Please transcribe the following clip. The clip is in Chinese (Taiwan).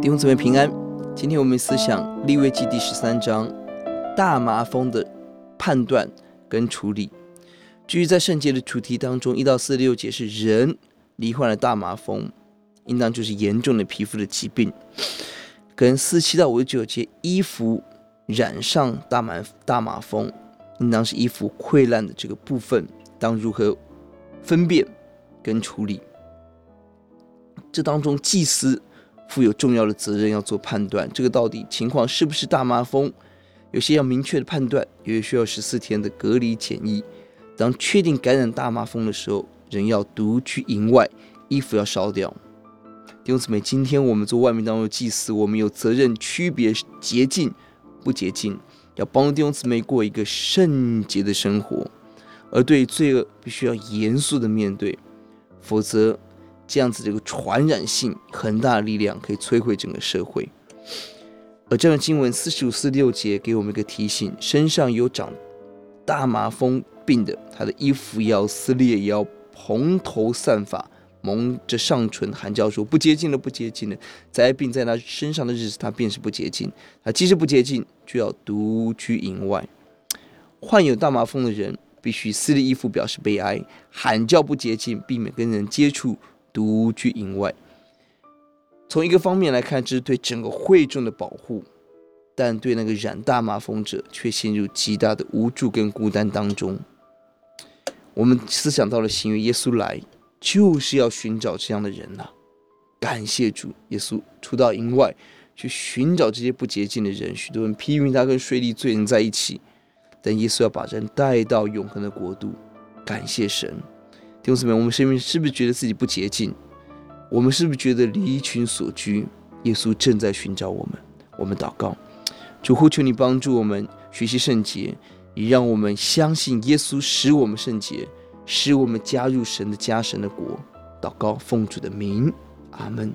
弟兄姊妹平安，今天我們思想利未記第十三章大麻風的判斷跟處理。至於在聖潔的主題當中，一到四六節是人罹患了大麻風，應當就是嚴重的皮膚的疾病；跟四七到五十九節衣服染上大麻大麻風，應當是衣服潰爛的這個部分，當如何分辨跟處理？這當中祭司，負有重要的責任要做判斷，這個到底情況是不是大麻風？有些要明確的判斷，有些需要十四天的隔離檢疫。當確定感染大麻風的時候，人要獨居營外，衣服要燒掉。弟兄姊妹，今天我們做外面當中的祭祀，我們有責任區別潔淨不潔淨，要幫助弟兄姊妹過一個聖潔的生活，而對罪惡必須要嚴肅的面對，否則。這樣子，這個傳染性很大的力量可以摧毀整個社會。而這段經文四十五四六節給我們一個提醒：身上有長大麻風病的，他的衣服要撕裂，也要蓬頭散髮，蒙着上唇，喊叫說“不潔淨了，不潔淨了！”災病在他身上的日子，他便是不潔淨。他既是不潔淨，就要獨居營外。患有大麻風的人必須撕裂衣服，表示悲哀，喊叫不潔淨，避免跟人接觸。獨居營外，從一個方面來看，這是對整個會眾的保護；但對那個染大痲瘋者，卻陷入極大的無助跟孤單當中。我們思想到了，新約，耶穌來就是要尋找這樣的人吶、啊！感謝主，耶穌出到營外去尋找這些不潔淨的人。許多人批評他跟稅吏罪人在一起，但耶穌要把人帶到永恆的國度。感謝神！弟兄姊妹，我們是不是覺得自己不潔淨？我們是不是覺得離群索居？耶穌正在尋找我們。我們禱告，主呼求你幫助我們學習聖潔，以讓我們相信耶穌，使我們聖潔，使我們加入神的家、神的國。禱告奉主的名，阿門。